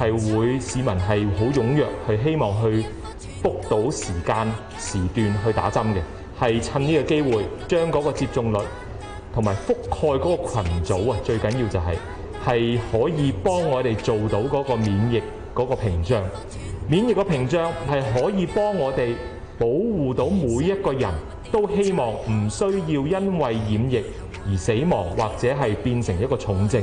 係會市民係好踴躍，係希望去 book 到時間時段去打針嘅。係趁呢個機會，將嗰個接種率同埋覆蓋嗰個群組啊，最緊要就係係可以幫我哋做到嗰個免疫嗰個屏障。免疫個屏障係可以幫我哋保護到每一個人，都希望唔需要因為染疫而死亡，或者係變成一個重症。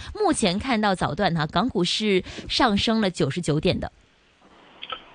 目前看到早段哈，港股是上升了九十九點的。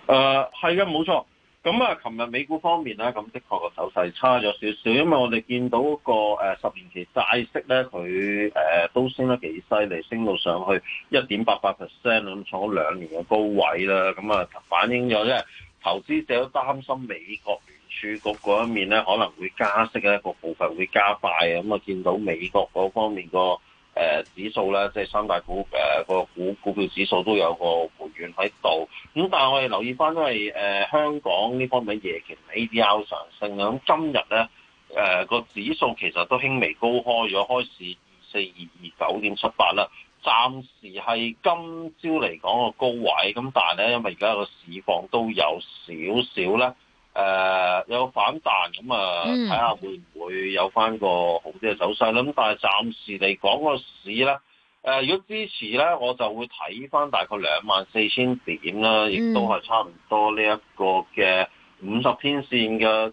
誒、呃，係嘅，冇錯。咁、嗯、啊，琴日美股方面呢，咁的確個走勢差咗少少，因為我哋見到、那個誒、呃、十年期債息咧，佢誒、呃、都升得幾犀利，升到上去一點八八 percent 咁，創咗兩年嘅高位啦。咁、嗯、啊，反映咗咧，投資者都擔心美國聯儲局嗰一面呢，可能會加息嘅一個步伐會加快啊。咁、嗯、啊，見到美國嗰方面個。誒、呃、指數咧，即係三大股誒個、呃、股股票指數都有個回軟喺度。咁但係我哋留意翻，因為誒香港呢方面夜期 ADR 上升啊。咁今日咧誒個指數其實都輕微高開咗，開市二四二二九點七八啦。暫時係今朝嚟講個高位咁，但係咧因為而家個市況都有少少咧。誒、呃、有反彈咁啊，睇下會唔會有翻個好啲嘅走勢咧？咁、嗯、但係暫時嚟講個市咧，誒、呃、如果支持咧，我就會睇翻大概兩萬四千點啦，亦都係差唔多呢一個嘅五十天線嘅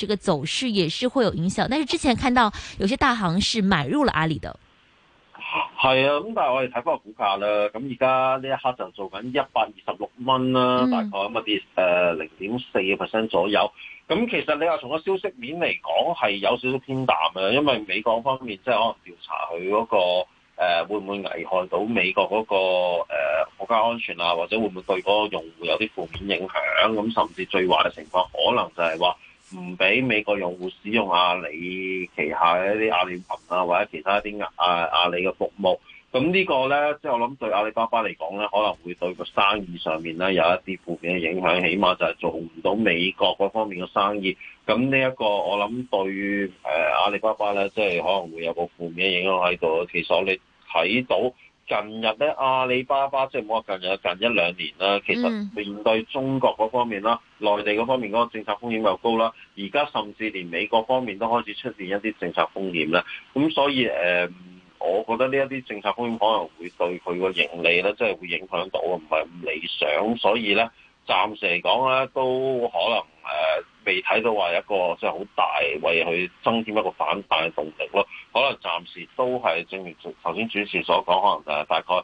這個走勢也是會有影響，但是之前看到有些大行是買入了阿里的。係啊，咁但係我哋睇翻個股價啦，咁而家呢一刻就做緊一百二十六蚊啦，大概咁跌誒零點四個 percent 左右。咁、嗯、其實你話從個消息面嚟講，係有少少偏淡嘅，因為美國方面即係可能調查佢嗰、那個誒、呃、會唔會危害到美國嗰、那個誒、呃、國家安全啊，或者會唔會對嗰個用戶有啲負面影響，咁甚至最壞嘅情況可能就係話。唔俾美國用戶使用阿里旗下一啲阿里雲啊，或者其他一啲阿阿里嘅服務，咁呢個呢，即係我諗對阿里巴巴嚟講呢，可能會對個生意上面呢有一啲負面嘅影響，起碼就係做唔到美國嗰方面嘅生意。咁呢一個我諗對誒阿里巴巴呢，即係可能會有個負面嘅影響喺度。其實我哋睇到。近日咧，阿里巴巴即係冇話近日，近一兩年啦，其實面對中國嗰方面啦，內地嗰方面嗰個政策風險又高啦，而家甚至連美國方面都開始出現一啲政策風險啦，咁所以誒、呃，我覺得呢一啲政策風險可能會對佢個盈利咧，即係會影響到啊，唔係咁理想，所以咧。暫時嚟講咧，都可能誒未睇到話一個即係好大為佢增添一個反彈嘅動力咯。可能暫時都係正如頭先主持所講，可能誒大概。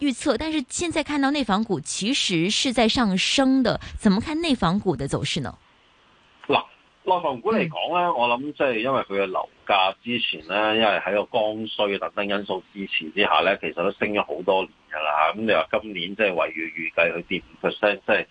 預測，但是現在看到內房股其實是在上升的，怎麼看內房股的走勢呢？嗱，內房股嚟講咧，我諗即係因為佢嘅樓價之前咧，因為喺個剛需等等因素支持之下咧，其實都升咗好多年噶啦。咁、嗯、你話今年即係維續預計佢跌五 percent，即係誒誒，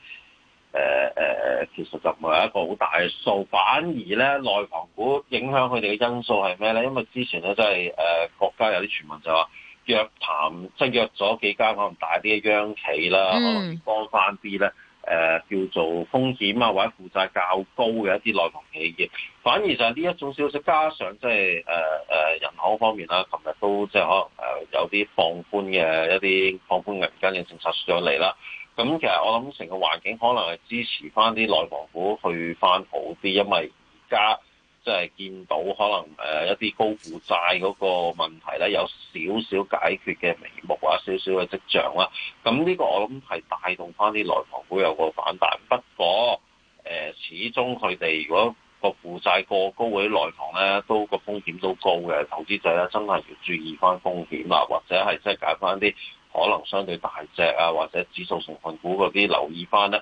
其實就唔係一個好大嘅數。反而咧，內房股影響佢哋嘅因素係咩咧？因為之前咧即係誒，國家有啲傳聞就話。約談即係約咗幾間可能大啲嘅央企啦，可能多翻啲咧，誒、呃、叫做風險啊或者負債較高嘅一啲內房企業，反而就係呢一種消息加上即係誒誒人行方面啦，琴日都即係可能誒有啲放寬嘅一啲放寬銀根嘅政策出咗嚟啦，咁其實我諗成個環境可能係支持翻啲內房股去翻好啲，因為而家。即係見到可能誒一啲高負債嗰個問題咧，有少少解決嘅眉目啊，少少嘅跡象啦。咁呢個我諗係帶動翻啲內房股有個反彈。不過誒、呃，始終佢哋如果個負債過高嗰啲內房咧，都個風險都高嘅。投資者咧真係要注意翻風險啦，或者係即係揀翻啲可能相對大隻啊，或者指數成分股嗰啲留意翻咧。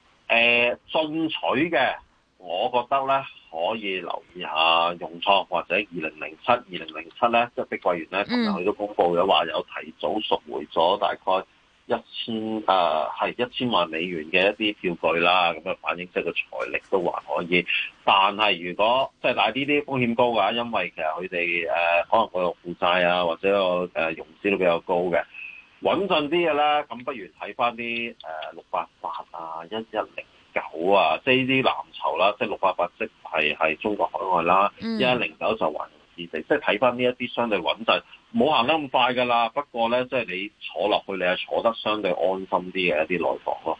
誒進取嘅，我覺得咧可以留意下融創或者二零零七、二零零七咧，即係碧桂園咧，同佢都公佈咗話有提早贖回咗大概一千誒係、呃、一千萬美元嘅一啲票據啦，咁樣反映即係個財力都還可以。但係如果即係大啲啲風險高嘅話，因為其實佢哋誒可能佢有負債啊，或者有、呃、融資都比較高嘅。穩陣啲嘅啦，咁不如睇翻啲誒六八八啊，一一零九啊，即係呢啲藍籌啦，即係六八八即係中國海外啦，一一零九就華潤置地，即係睇翻呢一啲相對穩陣，冇行得咁快㗎啦。不過咧，即係你坐落去，你就坐得相對安心啲嘅一啲內房咯。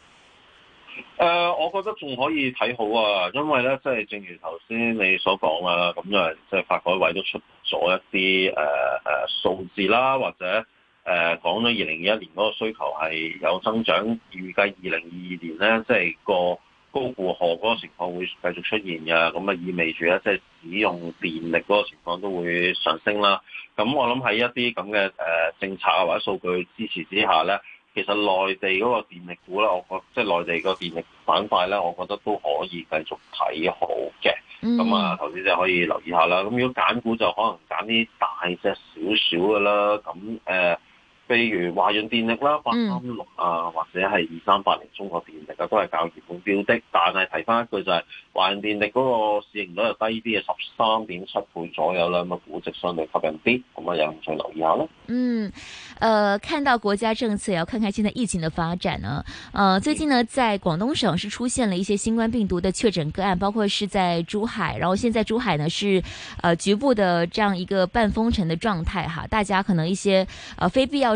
誒，我覺得仲可以睇好啊，因為咧，即係正如頭先你所講啊，咁樣，即係發改委都出咗一啲誒誒數字啦，或者誒講咗二零二一年嗰個需求係有增長，預計二零二二年咧，即係個高負荷嗰個情況會繼續出現嘅，咁啊意味住咧，即係使用電力嗰個情況都會上升啦。咁我諗喺一啲咁嘅誒政策啊或者數據支持之下咧。其實內地嗰個電力股咧，我覺得即內地個電力板塊咧，我覺得都可以繼續睇好嘅。咁啊、嗯，投資者可以留意下啦。咁如果揀股就可能揀啲大隻少少嘅啦。咁誒譬如華潤電力啦、八三六啊，或者係二三八零中國電力啊，都係較熱門標的。但係提翻一句就係華潤電力嗰個市盈率係低啲嘅十三點七倍左右啦，咁啊估值相對吸引啲，咁啊有唔再留意下咯。嗯，呃，看到國家政策，也要看看現在疫情的發展呢。呃，最近呢，在廣東省是出現了一些新冠病毒的確診個案，包括是在珠海。然後現在珠海呢，是誒、呃、局部的這樣一個半封城的狀態。哈，大家可能一些誒、呃、非必要，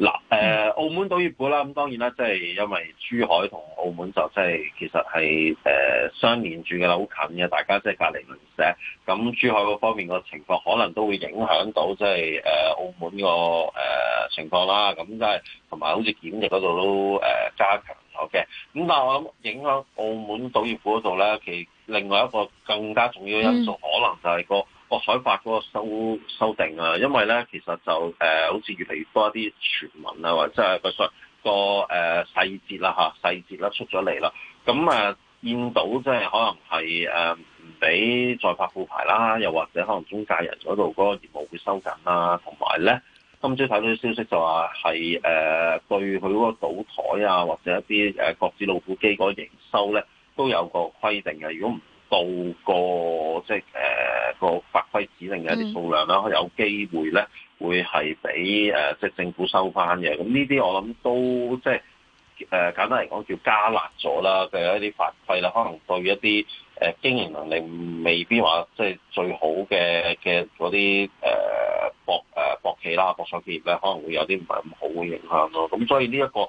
嗱、啊呃，澳門賭業股啦，咁當然啦，即係因為珠海同澳門就即係其實係誒相連住嘅，好近嘅，大家即係隔離鄰舍。咁珠海嗰方面個情況可能都會影響到即係誒澳門個情況啦。咁即係同埋好似檢疫嗰度都誒加強咗嘅。咁但係我諗影響澳門賭業股嗰度咧，其另外一個更加重要因素可能就係個，嗯個海法嗰個修修訂啊，因為咧其實就誒、呃、好似越嚟越多一啲傳聞啊，或者係個細個誒細節啦嚇細節啦出咗嚟啦。咁啊、呃、見到即係可能係誒唔俾再發副牌啦，又或者可能中介人嗰度嗰個業務會收緊啦，同埋咧今朝睇到啲消息就話係誒對佢嗰個賭台啊，或者一啲誒角子老虎機嗰營收咧都有個規定嘅，如果唔到個即係誒個法規指定嘅一啲數量啦，嗯、有機會咧會係俾誒即係政府收翻嘅。咁呢啲我諗都即係誒、呃、簡單嚟講叫加辣咗啦，嘅、就是、一啲法規啦，可能對一啲誒、呃、經營能力未必話即係最好嘅嘅嗰啲誒博誒、呃、博企啦、博彩企業咧，可能會有啲唔係咁好嘅影響咯。咁所以呢、這、一個。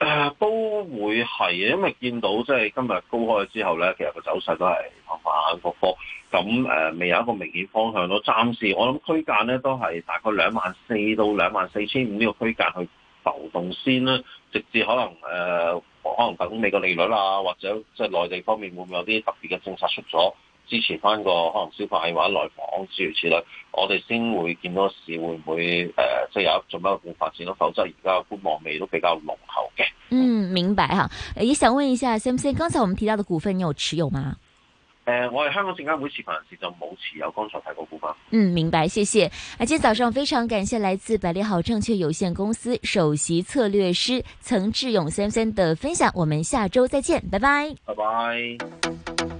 誒、呃、都會係，因為見到即係今日高開之後咧，其實個走勢都係慢慢復復，咁誒未有一個明顯方向咯。暫時我諗區間咧都係大概兩萬四到兩萬四千五呢個區間去浮動先啦，直至可能誒、呃、可能等美國利率啊，或者即係內地方面會唔會有啲特別嘅政策出咗？支持翻個可能消化嘅話，內房諸如此類，我哋先會見到市會唔會誒，即、呃、係、就是、有做乜嘢發展咯？否則而家觀望味都比較濃厚嘅。嗯，明白哈、啊。也想問一下 Samson，剛才我們提到嘅股份，你有持有嗎？誒、呃，我係香港證監會持牌人士，就冇持有剛才提嗰股份。嗯，明白，謝謝。啊，今天早上非常感謝來自百利好證券有限公司首席策略師岑智勇 Samson 的分享。我們下周再見，拜拜，拜拜。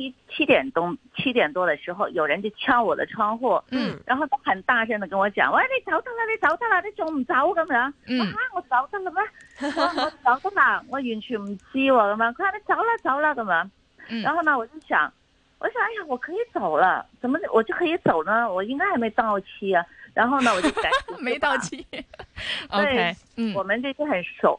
七,七點鐘七點多的時候，有人就敲我的窗戶，嗯，然後都很大聲的跟我講：“嗯、喂，你走得了？你走得了？你走唔走？咁樣、嗯？”我啊，我走得了咩？ 我我走得啦，我完全唔知我咁樣。快你走啦，走啦，咁樣。嗯、然後呢，我就想，我想，哎呀，我可以走了，怎麼我就可以走呢？我應該還沒到期啊。然後呢，我就 沒到期。OK，嗯，我們就是很熟。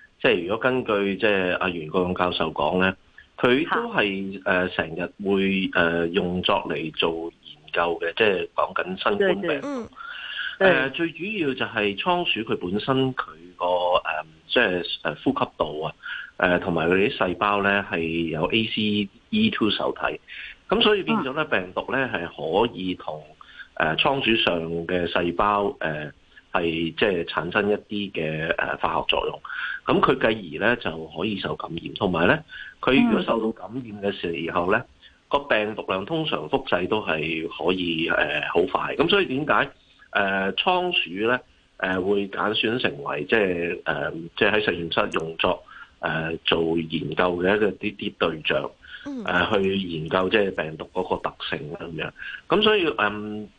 即係如果根據即係阿袁國勇教授講咧，佢都係誒成日會誒用作嚟做研究嘅，即係講緊新冠病毒。誒最主要就係倉鼠佢本身佢個誒即係誒呼吸道啊，誒同埋佢啲細胞咧係有 A C E two 受體，咁所以變咗咧病毒咧係可以同誒倉鼠上嘅細胞誒。係即係產生一啲嘅誒化學作用，咁佢繼而咧就可以受感染，同埋咧佢如果受到感染嘅時候咧，個病毒量通常複製都係可以誒好、呃、快，咁所以點解誒倉鼠咧誒、呃、會揀選成為即係誒即係喺實驗室用作誒、呃、做研究嘅一啲啲對象、呃，去研究即係病毒嗰個特性咁樣，咁所以誒、呃、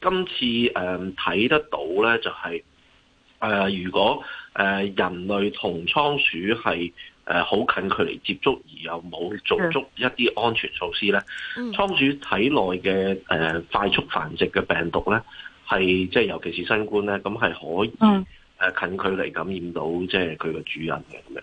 今次誒睇、呃、得到咧就係、是。誒、呃，如果誒、呃、人類同倉鼠係誒好近距離接觸，而又冇做足一啲安全措施咧，的倉鼠體內嘅誒、呃、快速繁殖嘅病毒咧，係即係尤其是新冠咧，咁係可以誒近距離感染到即係佢個主人嘅咁樣。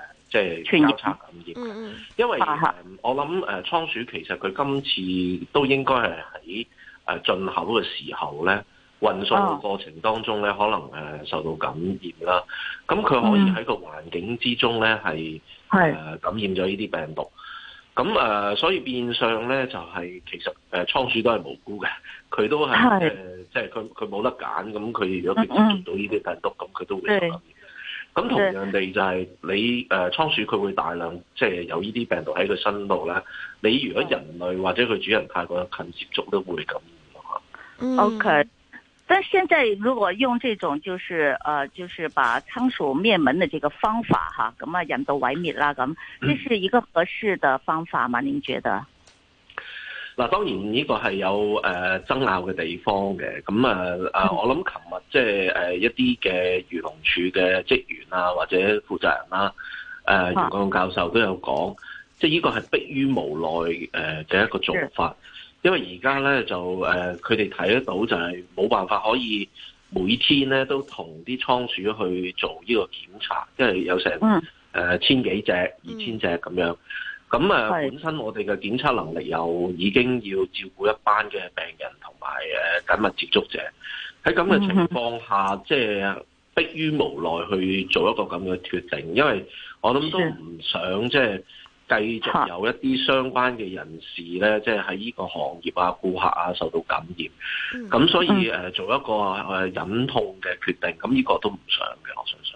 即係交叉感染，因為我諗誒倉鼠其實佢今次都應該係喺誒進口嘅時候咧，運送嘅過程當中咧，可能誒受到感染啦。咁佢可以喺個環境之中咧係誒感染咗呢啲病毒。咁誒，所以變相咧就係其實誒倉鼠都係無辜嘅，佢都係誒即係佢佢冇得揀。咁佢如果佢接接到呢啲病毒，咁佢都會受感染。咁同樣地就係你誒倉鼠佢會大量即係、就是、有呢啲病毒喺佢身度咧，你如果人類或者佢主人太過近接觸都會咁。OK，但現在如果用這種就是誒，就是把倉鼠滅門的這個方法嚇，咁啊人道毀滅啦，咁，這是一個合適的方法嗎？您覺得？嗱，當然呢個係有誒爭拗嘅地方嘅，咁啊啊，我諗琴日即係誒一啲嘅漁農署嘅職員啊，或者負責人啦，誒袁國勇教授都有講，即係呢個係迫於無奈誒嘅一個做法，的因為而家咧就誒佢哋睇得到就係冇辦法可以每天咧都同啲倉鼠去做呢個檢查，即、就、為、是、有成誒千幾隻、二千、嗯、隻咁樣。咁啊，本身我哋嘅檢測能力又已經要照顧一班嘅病人同埋誒緊密接觸者，喺咁嘅情況下，即係迫於無奈去做一個咁嘅決定，因為我諗都唔想即係繼續有一啲相關嘅人士咧，即係喺呢個行業啊、顧客啊受到感染，咁所以誒做一個誒忍痛嘅決定，咁呢個都唔想嘅，我相信。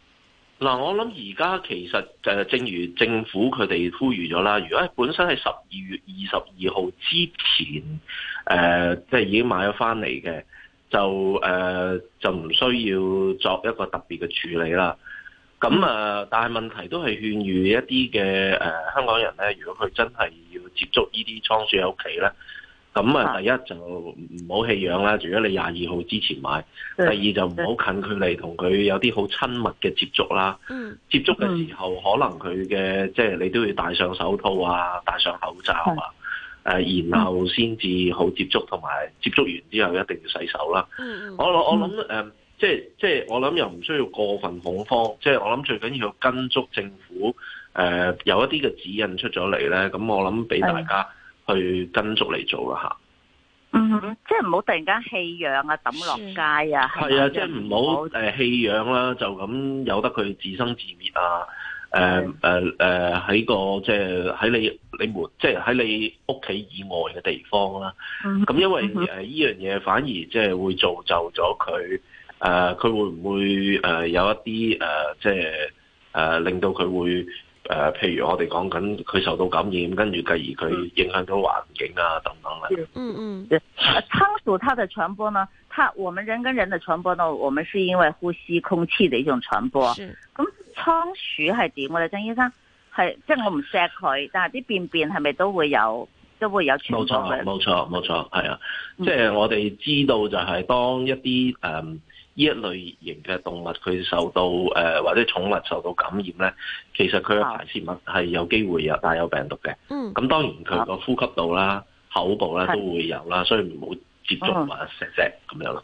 嗱、啊，我諗而家其實就係正如政府佢哋呼籲咗啦，如果本身係十二月二十二號之前，誒即係已經買咗返嚟嘅，就誒、呃、就唔需要作一個特別嘅處理啦。咁啊、呃，但係問題都係勸喻一啲嘅誒香港人咧，如果佢真係要接觸這些的呢啲倉鼠喺屋企咧。咁啊，第一就唔好棄養啦，如果你廿二號之前買。第二就唔好近距離同佢有啲好親密嘅接觸啦。接觸嘅時候，可能佢嘅即係你都要戴上手套啊，戴上口罩啊。然後先至好接觸，同埋接觸完之後一定要洗手啦。我我諗即係即係我諗又唔需要過分恐慌。即係我諗最緊要跟足政府誒有一啲嘅指引出咗嚟咧。咁我諗俾大家。去跟足嚟做啦吓，嗯，即係唔好突然間棄養啊，抌落街啊，係啊，即係唔好誒棄養啦，就咁由得佢自生自滅啊，誒誒誒喺個即係喺你你門，即係喺你屋企以外嘅地方啦、啊，咁、嗯、哼因為誒呢、嗯、哼樣嘢反而即係會造就咗佢誒，佢、呃、會唔會誒有一啲誒、呃、即係誒、呃、令到佢會。誒、呃，譬如我哋講緊佢受到感染，跟住繼而佢影響到環境啊，等等啦。嗯嗯， 啊、倉鼠它的傳播呢？它，我們人跟人的傳播呢？我們是因為呼吸空氣的一種傳播。咁是倉鼠係點？我哋張醫生係即係我唔錫佢，但係啲便便係咪都會有，都會有傳播？冇錯，冇錯，冇錯，係啊。即係、嗯、我哋知道，就係當一啲誒。嗯呢一類型嘅動物，佢受到誒、呃、或者寵物受到感染咧，其實佢嘅排泄物係有機會有帶有病毒嘅。嗯，咁當然佢個呼吸道啦、嗯、口部咧都會有啦，是所以唔好接觸或者錫錫咁樣啦。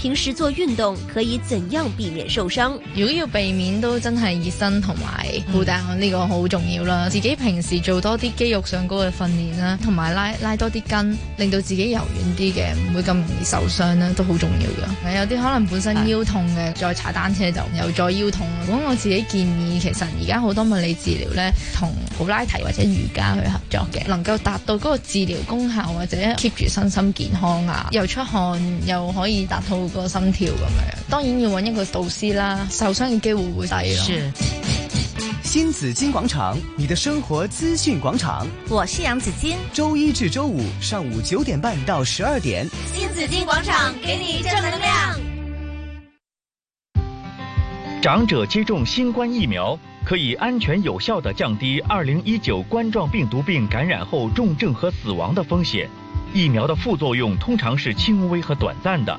平時做運動可以怎樣避免受傷？如果要避免都真係熱身同埋護膽呢個好重要啦。嗯、自己平時做多啲肌肉上高嘅訓練啦，同埋拉拉多啲筋，令到自己柔軟啲嘅，唔會咁容易受傷，都好重要噶。嗯、有啲可能本身腰痛嘅，再踩單車就又再腰痛。咁我自己建議，其實而家好多物理治療呢，同普拉提或者瑜伽去合作嘅，能夠達到嗰個治療功效或者 keep 住身心健康啊，又出汗又可以達到。個心跳咁嘅，當然要揾一個導師啦，受傷嘅機會會低咯。是。新紫荊廣場，你的生活資訊廣場。我是楊紫金。周一至周五上午九點半到十二點。新紫荊廣場給你正能量。長者接種新冠疫苗可以安全有效地降低二零一九冠狀病毒病感染後重症和死亡的風險，疫苗的副作用通常是輕微和短暫的。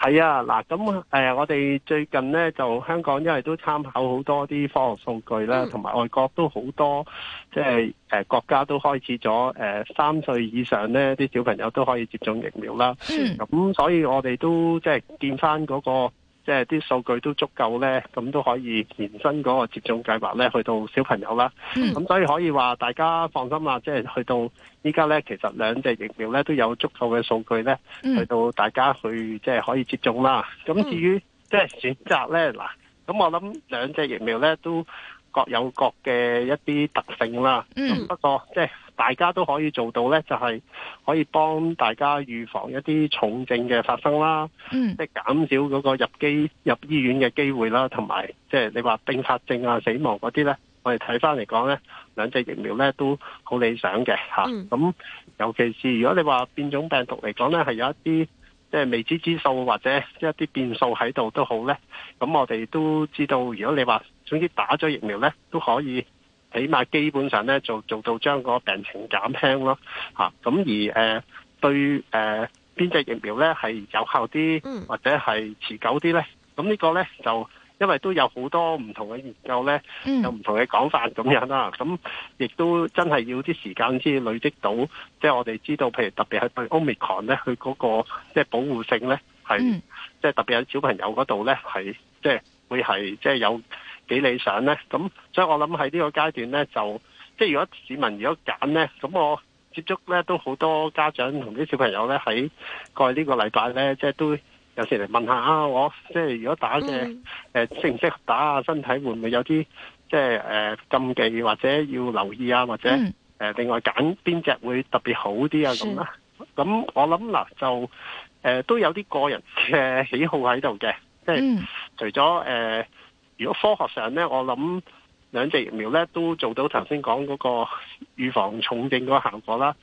係啊，嗱，咁、呃、誒，我哋最近咧就香港，因為都參考好多啲科學數據啦，同埋、嗯、外國都好多，即係誒國家都開始咗誒三歲以上咧啲小朋友都可以接種疫苗啦。咁、嗯、所以我哋都即係、就是、見翻嗰、那個，即係啲數據都足夠咧，咁都可以延伸嗰個接種計劃咧，去到小朋友啦。咁、嗯、所以可以話大家放心啦，即、就、係、是、去到。依家咧，其實兩隻疫苗咧都有足夠嘅數據咧，嗯、去到大家去即係、就是、可以接種啦。咁、嗯、至於即係選擇咧，嗱，咁我諗兩隻疫苗咧都各有各嘅一啲特性啦。嗯、不過即係、就是、大家都可以做到咧，就係、是、可以幫大家預防一啲重症嘅發生啦，即係減少嗰個入機入醫院嘅機會啦，同埋即係你話併發症啊、死亡嗰啲咧。我哋睇翻嚟講呢兩隻疫苗呢都好理想嘅吓。咁、嗯啊、尤其是如果你話變種病毒嚟講呢係有一啲即係未知之數或者一啲變數喺度都好呢，咁我哋都知道，如果你話總之打咗疫苗呢，都可以起碼基本上呢做做到將個病情減輕咯吓。咁、啊、而誒、呃、對誒邊隻疫苗呢係有效啲，或者係持久啲呢？咁呢個呢就。因為都有好多唔同嘅研究咧，有唔同嘅講法咁樣啦。咁亦、嗯、都真係要啲時間先累積到，即係我哋知道，譬如特別係對 Omicron 呢，佢嗰個即係保護性咧，係即係特別有小朋友嗰度咧，係即係會係即係有幾理想咧。咁所以我諗喺呢個階段咧，就即係如果市民如果揀咧，咁我接觸咧都好多家長同啲小朋友咧喺過去呢個禮拜咧，即係都。有時嚟問下我，即係如果打嘅誒適唔適合打啊？身體會唔會有啲即係誒、呃、禁忌或者要留意啊？或者誒、嗯呃、另外揀邊隻會特別好啲啊？咁啦是，咁我諗嗱、呃，就誒、呃、都有啲個人嘅喜好喺度嘅，即係、嗯、除咗誒、呃，如果科學上咧，我諗兩隻疫苗咧都做到頭先講嗰個預防重症嗰個效果啦。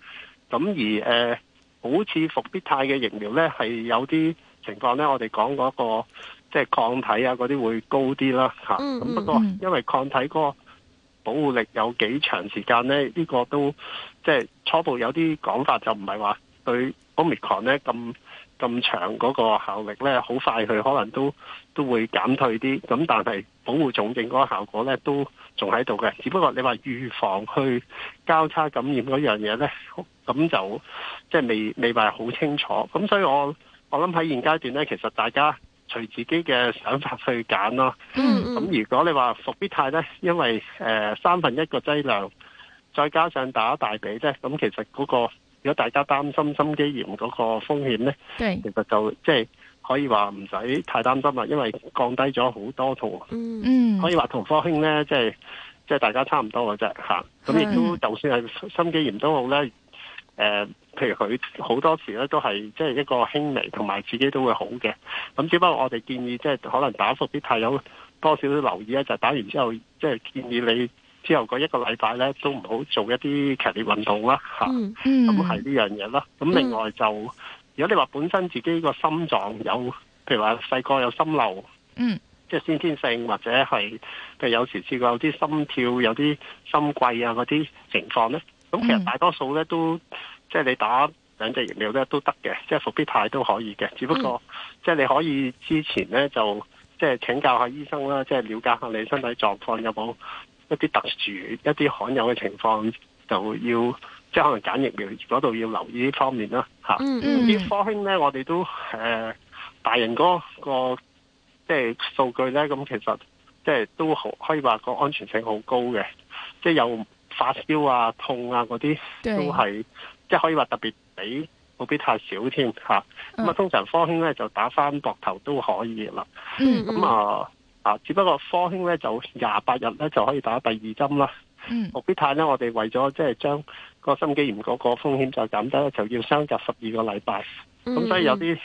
咁而誒、呃，好似復必泰嘅疫苗咧係有啲。情況咧，我哋講嗰個即係抗體啊，嗰啲會高啲啦咁、嗯嗯嗯、不過因為抗體嗰個保護力有幾長時間咧，呢、呢個都即係初步有啲講法就，就唔係話對 Omicron 咧咁咁長嗰個效力咧，好快佢可能都都會減退啲。咁但係保護重症嗰個效果咧，都仲喺度嘅。只不過你話預防去交叉感染嗰樣嘢咧，咁就即係未未話好清楚。咁所以我。我諗喺現階段咧，其實大家隨自己嘅想法去揀咯。咁、嗯嗯、如果你話復必泰咧，因為誒、呃、三分一個劑量，再加上打大髀啫，咁其實嗰、那個如果大家擔心心肌炎嗰個風險咧，對其實就即係、就是、可以話唔使太擔心啦，因為降低咗好多套。嗯，嗯，可以話同科興咧，即係即係大家差唔多嘅啫吓。咁亦都的就算係心肌炎都好咧。誒、呃，譬如佢好多時咧都係即係一個輕微，同埋自己都會好嘅。咁只不過我哋建議即係、就是、可能打複啲太有多少都留意咧，就是、打完之後即係、就是、建議你之後嗰一個禮拜咧都唔好做一啲劇烈運動啦。吓、啊，咁係呢樣嘢啦。咁另外就如果你話本身自己個心臟有，譬如話細個有心漏，嗯，即係先天性或者係，譬如有時試過有啲心跳有啲心悸啊嗰啲情況咧。嗯、其實大多數咧都，即係你打兩隻疫苗咧都得嘅，即係復必泰都可以嘅。只不過，嗯、即係你可以之前咧就，即係請教下醫生啦，即係了解下你身體狀況有冇一啲特殊、一啲罕有嘅情況，就要即係可能揀疫苗嗰度要留意呢方面啦。吓、啊，啲、嗯嗯、科興咧，我哋都誒、呃，大型嗰、那個、那個、即係數據咧，咁其實即係都好，可以話個安全性好高嘅，即係有。發燒啊、痛啊嗰啲對都係，即係可以話特別比復必泰少添吓。咁啊，嗯、通常科興咧就打翻膊頭都可以啦。咁啊、嗯嗯、啊，只不過科興咧就廿八日咧就可以打第二針啦。復、嗯、必泰咧，我哋為咗即係將個心肌炎嗰個風險就減低咧，就要相隔十二個禮拜。咁、嗯嗯、所以有啲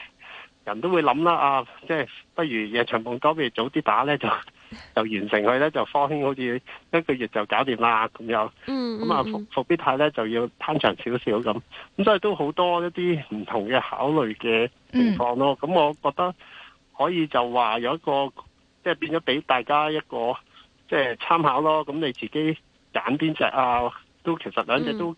人都會諗啦，啊，即係不如夜長夢多，不如早啲打咧就。就完成佢咧，就科興好似一個月就搞掂啦咁樣。咁啊、嗯，復、嗯、復必泰咧就要攤長少少咁。咁所以都好多一啲唔同嘅考慮嘅情況咯。咁、嗯、我覺得可以就話有一個，即、就、係、是、變咗俾大家一個即係參考咯。咁你自己揀邊隻啊，都其實兩隻都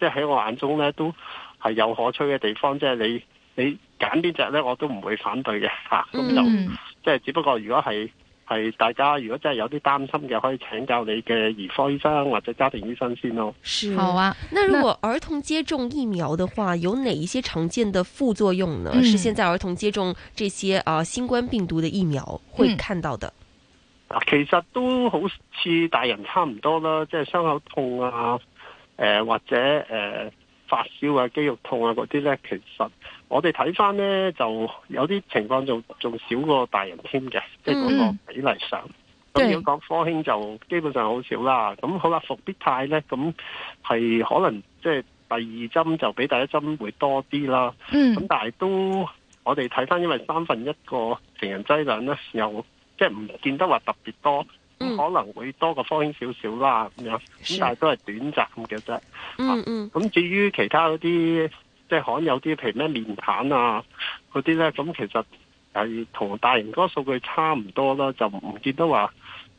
即係喺我眼中咧都係有可取嘅地方。即、就、係、是、你你揀邊隻咧，我都唔會反對嘅吓。咁、嗯、就即係、就是、只不過如果係。係大家如果真係有啲擔心嘅，可以請教你嘅兒科醫生或者家庭醫生先咯。是，好啊，那如果兒童接種疫苗嘅話，那有哪一些常見的副作用呢？嗯、是現在兒童接種這些啊新冠病毒的疫苗會看到的。嗯、其實都好似大人差唔多啦，即、就、係、是、傷口痛啊，呃、或者、呃、發燒啊、肌肉痛啊嗰啲呢，其實。我哋睇返咧，就有啲情況仲仲少過大人添嘅，即係嗰個比例上。咁如果講科興就基本上好少啦。咁好啦，復必泰咧，咁係可能即係、就是、第二針就比第一針會多啲啦。咁、mm hmm. 但係都我哋睇返，因為三分一個成人劑量咧，又即係唔見得話特別多，mm hmm. 可能會多過科興少少啦。咁樣咁但係都係短暫嘅啫。咁、mm hmm. 啊、至於其他嗰啲。即係可能有啲譬如咩面癱啊嗰啲咧，咁其實係同大型嗰個數據差唔多啦，就唔見到話。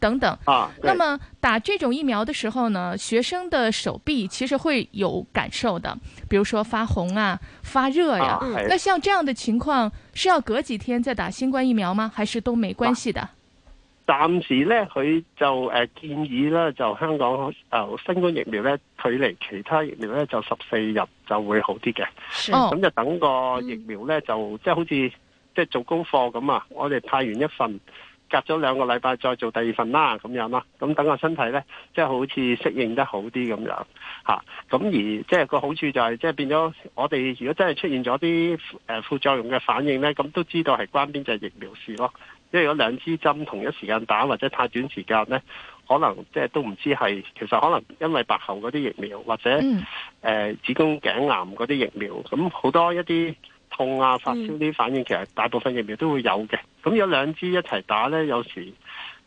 等等啊，那麼打這種疫苗的時候呢，學生的手臂其實會有感受的，比如說發紅啊、發熱呀、啊。啊、那像這樣的情況是要隔幾天再打新冠疫苗嗎？還是都沒關係的？啊、暫時呢，佢就誒、呃、建議呢，就香港、呃、新冠疫苗呢，距離其他疫苗呢，就十四日就會好啲嘅。哦是，咁就等個疫苗呢，嗯、就即係好似即係做功課咁啊，我哋派完一份。隔咗兩個禮拜再做第二份啦，咁樣啦，咁等個身體呢，即係好似適應得好啲咁樣嚇。咁、啊、而即係個好處就係、是，即係變咗我哋如果真係出現咗啲副作用嘅反應呢，咁都知道係關邊隻疫苗事咯。因為有兩支針同一時間打或者太短時間呢，可能即係都唔知係其實可能因為白喉嗰啲疫苗或者誒、嗯呃、子宮頸癌嗰啲疫苗，咁好多一啲。痛啊，嗯、發燒啲反應其實大部分疫苗都會有嘅，咁有兩支一齊打呢，有時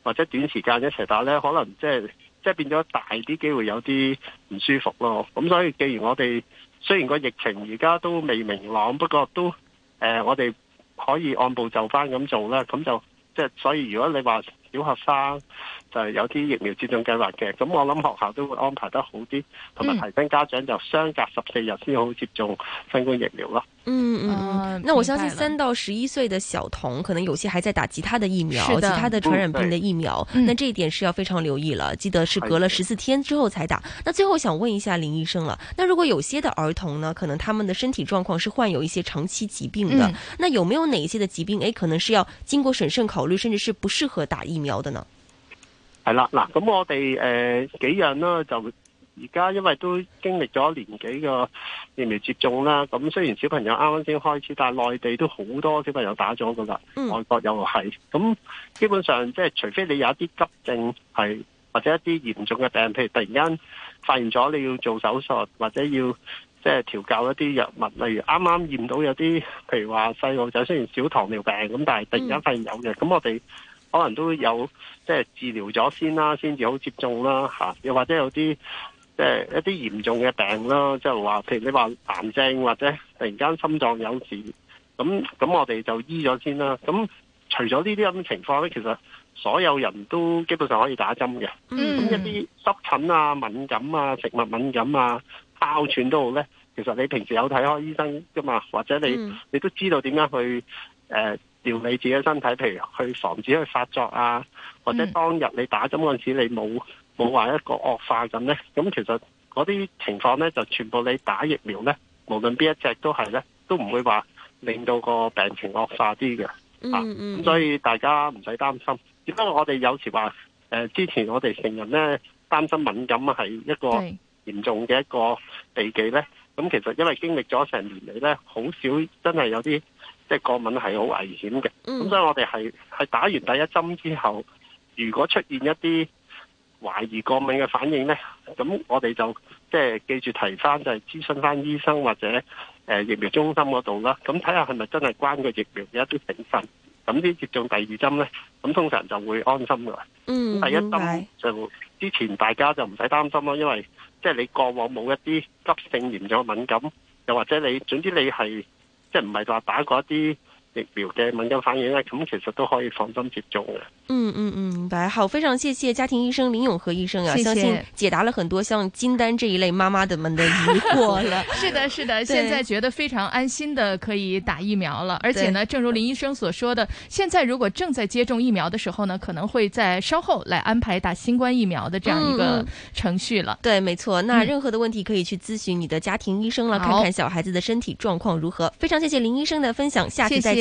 或者短時間一齊打呢，可能即係即係變咗大啲機會有啲唔舒服咯。咁所以，既然我哋雖然個疫情而家都未明朗，不過都誒、呃，我哋可以按部就班咁做啦。咁就即係、即係、所以，如果你話小學生。就係有啲疫苗接種計劃嘅，咁我諗學校都會安排得好啲，同埋提升家長就相隔十四日先好接種新冠疫苗咯。嗯嗯，那我相信三到十一歲的小童可能有些還在打其他的疫苗，是的，其他的傳染病的疫苗，嗯、那這一點是要非常留意了。嗯、記得是隔了十四天之後才打。是的，那最後想問一下林醫生了，那如果有些的兒童呢，可能他們的身體狀況是患有一些長期疾病的，嗯、那有沒有哪一些的疾病誒、哎，可能是要經過審慎，慎考慮，甚至是不適合打疫苗的呢？係啦，嗱，咁我哋誒、呃、幾樣啦，就而家因為都經歷咗年幾個疫苗接種啦，咁雖然小朋友啱啱先開始，但係內地都好多小朋友打咗噶啦，外國又係，咁基本上即係除非你有一啲急症係或者一啲嚴重嘅病，譬如突然間發現咗你要做手術或者要即係調教一啲藥物，例如啱啱驗到有啲，譬如話細路仔雖然少糖尿病咁，但係突然間發現有嘅，咁我哋。可能都有，即係治療咗先啦，先至好接種啦、啊、又或者有啲即係一啲嚴重嘅病啦，即係話譬如你話癌症或者突然間心臟有事，咁咁我哋就醫咗先啦。咁除咗呢啲咁嘅情況咧，其實所有人都基本上可以打針嘅。咁、mm. 一啲濕疹啊、敏感啊、食物敏感啊、哮喘都好咧。其實你平時有睇開醫生㗎嘛，或者你、mm. 你都知道點樣去誒。呃調理自己身體，譬如去防止佢發作啊，或者當日你打針嗰陣時候你冇冇話一個惡化咁呢。咁其實嗰啲情況呢，就全部你打疫苗呢，無論邊一隻都係呢，都唔會話令到個病情惡化啲嘅。咁、嗯嗯啊、所以大家唔使擔心。只不過我哋有時話，誒、呃、之前我哋成人呢，擔心敏感係一個嚴重嘅一個避忌呢。咁其實因為經歷咗成年嚟呢，好少真係有啲。即係過敏係好危險嘅，咁、嗯、所以我哋係係打完第一針之後，如果出現一啲懷疑過敏嘅反應咧，咁我哋就即係記住提翻，就係諮詢翻醫生或者誒、呃、疫苗中心嗰度啦。咁睇下係咪真係關個疫苗嘅一啲成分，咁啲接種第二針咧，咁通常就會安心噶啦。嗯，第一針就的之前大家就唔使擔心咯，因為即係、就是、你過往冇一啲急性嚴重嘅敏感，又或者你總之你係。即係唔係話打嗰啲。疫苗嘅敏感反應咧，咁其實都可以放心接種嘅。嗯嗯嗯，好，非常謝謝家庭醫生林永和醫生啊，謝謝，相信解答了很多像金丹這一類媽媽的們的疑惑了。 是的，是的，對現在覺得非常安心的，可以打疫苗了。而且呢，對正如林醫生所說的，現在如果正在接種疫苗的時候呢，可能會在稍後來安排打新冠疫苗的這樣一個程序了。嗯、對，沒錯。那任何的問題可以去諮詢你的家庭醫生了，嗯、看看小孩子的身體狀況如何。好非常謝謝林醫生的分享，下次再見。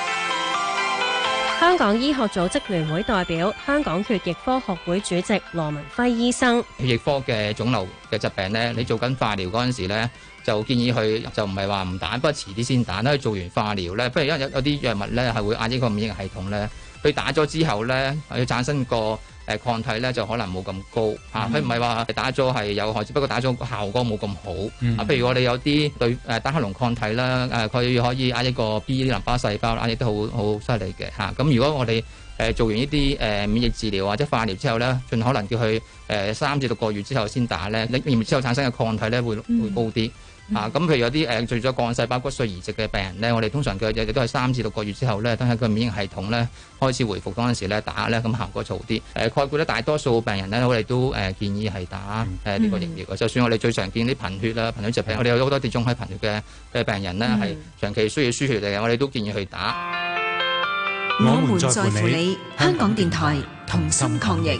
香港醫學組織聯會代表、香港血液科學會主席羅文輝醫生：血液科嘅腫瘤嘅疾病咧，你做緊化療嗰陣時咧，就建議佢就唔係話唔打，不過遲啲先打啦。佢做完化療咧，不如因為有有啲藥物咧係會壓抑個免疫系統咧，佢打咗之後咧，要產生個。抗體咧就可能冇咁高，嗯、啊！佢唔係話打咗係有害，只不過打咗效果冇咁好，嗯、啊。譬如我哋有啲對誒單克隆抗體啦，誒、啊、佢可以壓一個 B 淋巴細胞，壓亦都好好犀利嘅嚇。咁、啊、如果我哋誒、呃、做完呢啲誒免疫治療或者化療之後咧，盡可能叫佢誒三至六個月之後先打咧，你然之後產生嘅抗體咧會會高啲。嗯嗯、啊，咁譬如有啲誒，除咗幹細胞骨髓移植嘅病人咧，我哋通常嘅日日都係三至六個月之後咧，等下個免疫系統咧開始回復嗰陣時咧打咧，咁效果就好啲。誒、呃，概括咧大多數病人咧，我哋都誒、呃、建議係打誒呢、嗯呃、個疫苗嘅。就算我哋最常見啲貧血啦、貧血疾、嗯、病輸血輸血，我哋有好多地中海貧血嘅嘅病人咧係長期需要輸血嚟嘅，我哋都建議去打。我們在乎你，香港電台同心抗疫。